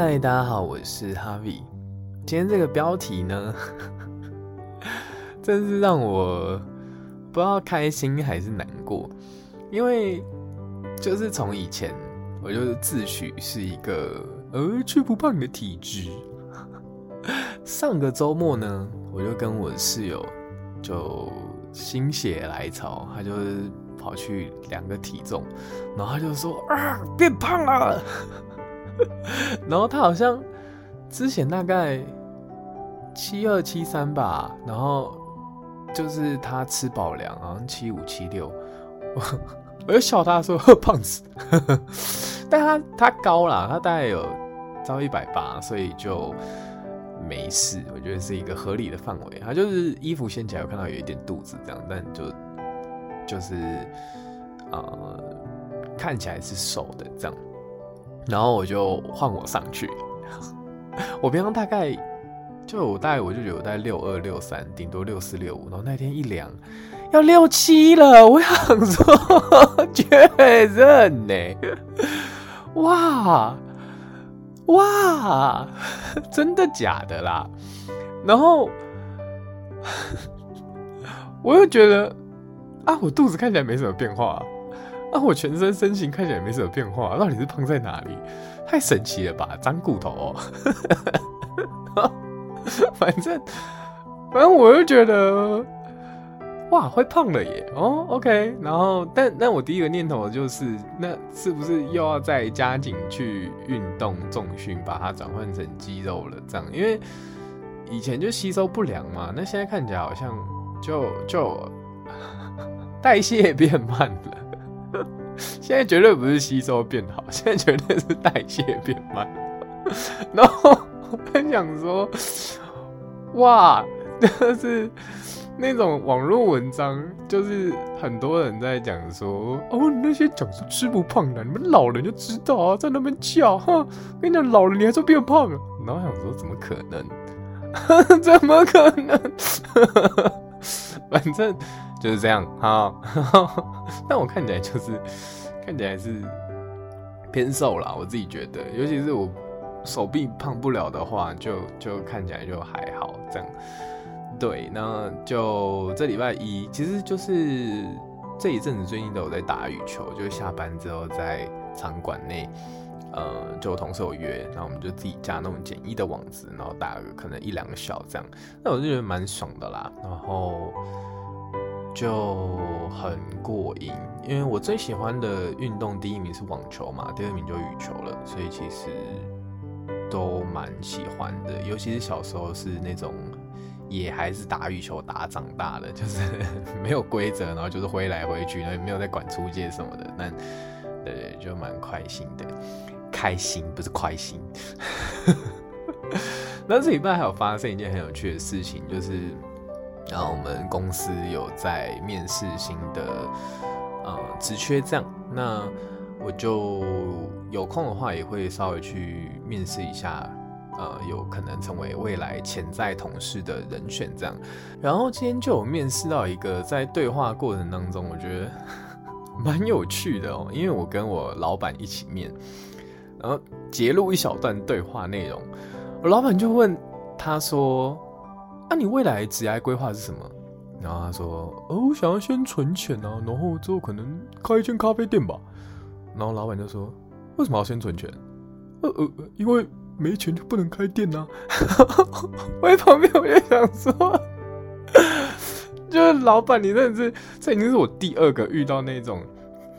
嗨，Hi, 大家好，我是 Harvie。今天這個標題呢，呵呵真是讓我不知道開心還是難過，因為就是從以前我就自詡是一個呃吃不胖的體質。上個周末呢，我就跟我室友就心血來潮，他就跑去量個體重，然後他就說啊，變胖了。然後他好像之前大概七二七三吧，然後就是他吃飽糧，好像七五七六，我我就笑他說呵胖子，但他他高了，他大概有到一百八，所以就沒事，我覺得是一個合理的範圍。他就是衣服掀起來我看到有一點肚子這樣，但就就是呃看起來是瘦的這樣。然後我就換我上去，我平常大概就我戴，我就有戴六二六三，頂多六四六五。然後那天一量要六七了，我想說絕認呢，哇哇，真的假的啦？然後我又覺得啊，我肚子看起來沒什麼變化。那、啊、我全身身形看起來也沒什麼變化，到底是胖在哪裡？太神奇了吧！長骨頭哦。 反正反正我就覺得，哇，會胖了耶！哦，OK，然後但那我第一個念頭就是，那是不是又要再加緊去運動、重訓，把它轉換成肌肉了？這樣，因為以前就吸收不良嘛，那現在看起來好像就就代謝也變慢了。現在絕對不是吸收變好，現在絕對是代謝變慢。 然後我在想說，哇，但、就是那種網絡文章，就是很多人在講說，哦，那些講說吃不胖的，你們老人就知道啊，在那邊叫，哼，我跟你講，老人你還說變胖？然後想說，怎麼可能？ 怎麼可能？ 反正就是這樣哈，但我看起來就是看起來是偏瘦啦，我自己覺得，尤其是我手臂胖不了的話，就就看起來就還好這樣。對，那就這禮拜一，其實就是這一陣子最近都有在打羽球，就下班之後在場館內。呃、嗯，就同事有約，然後我們就自己架那種簡易的網子，然後打個可能一兩個小這樣，那我就覺得蠻爽的啦，然後就很過癮。因為我最喜歡的運動第一名是網球嘛，第二名就羽球了，所以其實都蠻喜歡的。尤其是小時候是那種也還是打羽球打長大的，就是沒有規則，然後就是揮來揮去，然後也沒有在管出界什麼的，那對對，就蠻開心的。開心不是快心。 那這禮拜還有發生一件很有趣的事情，就是、啊、我們公司有在面試新的呃職缺這樣，那我就有空的話也會稍微去面試一下、呃、有可能成為未來潛在同事的人選這樣。然後今天就有面試到一個，在對話過程當中我覺得蠻有趣的哦、喔，因為我跟我老板一起面。然後截錄一小段對話內容，老闆就問他說：“那、啊、你未來職業規劃是什麼？”然後他說：“哦，我想要先存錢啊，然後之後可能開一間咖啡店吧。”然後老闆就說：“為什麼要先存錢？”“呃呃，因為沒錢就不能開店啊。” 我旁邊我就想說 ：“就是老闆你是，你真是這已經是我第二個遇到那種，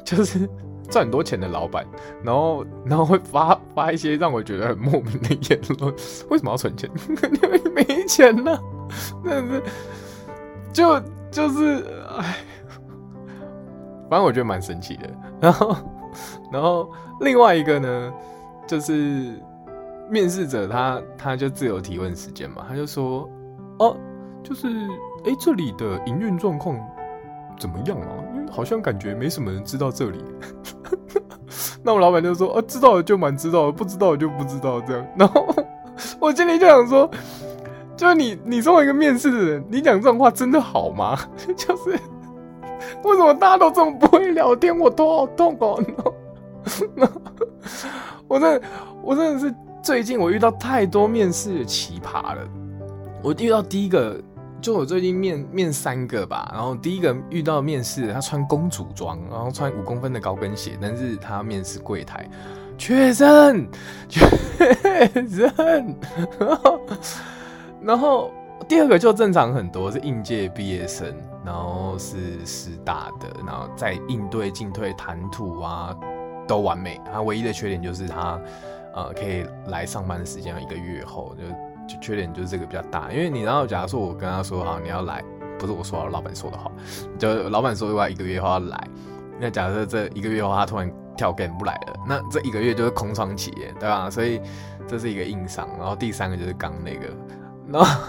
就是……”賺很多錢的老板，然後然後會發發一些讓我覺得很莫名的言論。為什麼要存錢？因 為沒錢呢、啊。但是就就是哎，反正我覺得蠻神奇的。然後然後另外一個呢，就是面試者他他就自由提問時間嘛，他就說哦，就是哎這裡的營運狀況怎麼樣啊？因為好像感覺沒什麼人知道這裡。那我老闆就說：“哦，知道了就蠻知道，不知道就不知道這樣。”然後我今天就想說：“就你，你作為一個面試的人，你講這種話真的好嗎？就是為什麼大家都這麼不會聊天，我頭好痛哦！然、no、後，然 後我真，我真的是最近我遇到太多面試奇葩了。我遇到第一個。”就我最近面面三個吧，然後第一個遇到的面試，他穿公主裝，然後穿五公分的高跟鞋，但是他面試櫃台，確認確認， 然後第二個就正常很多，是應屆畢業生，然後是師大的，然後在應對進退、談吐啊都完美，他唯一的缺點就是他呃可以來上班的時間要一個月後就。缺點就是這個比較大，因為你然後，假如說我跟他說好，你要來，不是我說，老闆說的話，就老闆說的話，一個月後要來。那假設這一個月後他突然跳崗不來了，那這一個月就是空窗期，對吧、啊？所以這是一個硬傷。然後第三個就是剛那個，然後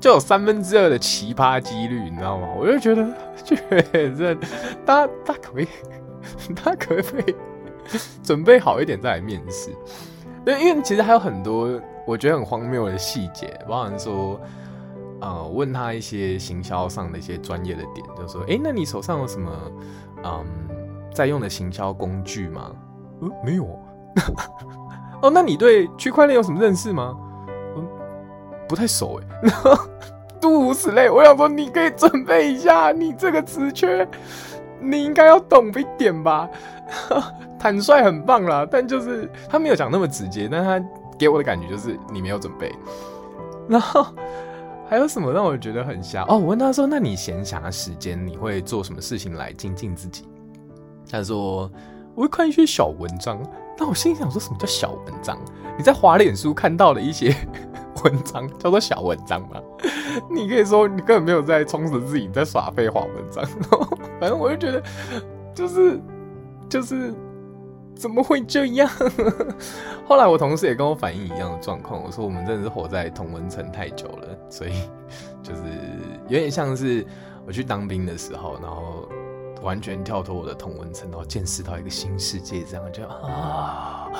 就有三分之二的奇葩幾率，你知道嗎？我就覺得確認，他他可不可以，他可不可以準備好一點再來面試。因為其實還有很多。我覺得很荒謬的細節，包含說，啊、呃，問他一些行銷上的一些專業的點，就說，哎、欸，那你手上有什麼，嗯，在用的行銷工具嗎？嗯，沒有、啊。 哦，那你對區塊鏈有什麼認識嗎？嗯，不太熟哎、欸。 然後諸如此類，我想說，你可以準備一下，你這個職缺，你應該要懂一點吧。 坦率很棒啦，但就是他沒有講那麼直接，但他。給我的感覺就是你沒有準備，然後還有什麼讓我覺得很瞎哦？我問他說：“那你閒暇時間你會做什麼事情來精進自己？”他說：“我會看一些小文章。”但我心裡想說什麼叫小文章？你在滑臉書看到的一些文章叫做小文章嗎？你可以說你根本沒有在充實自己，在耍廢話文章。然後反正我就覺得就是就是。怎麼會這樣？ 後來我同事也跟我反映一樣的狀況。我說我們真的是活在同溫層太久了，所以就是有點像是我去當兵的時候，然後完全跳脫我的同溫層，然後見識到一個新世界，這樣就啊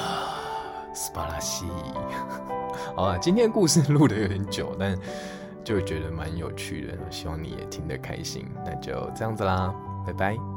斯巴拉西。啊、 好吧，今天故事錄得有點久，但就覺得蠻有趣的，希望你也聽得開心。那就這樣子啦，拜拜。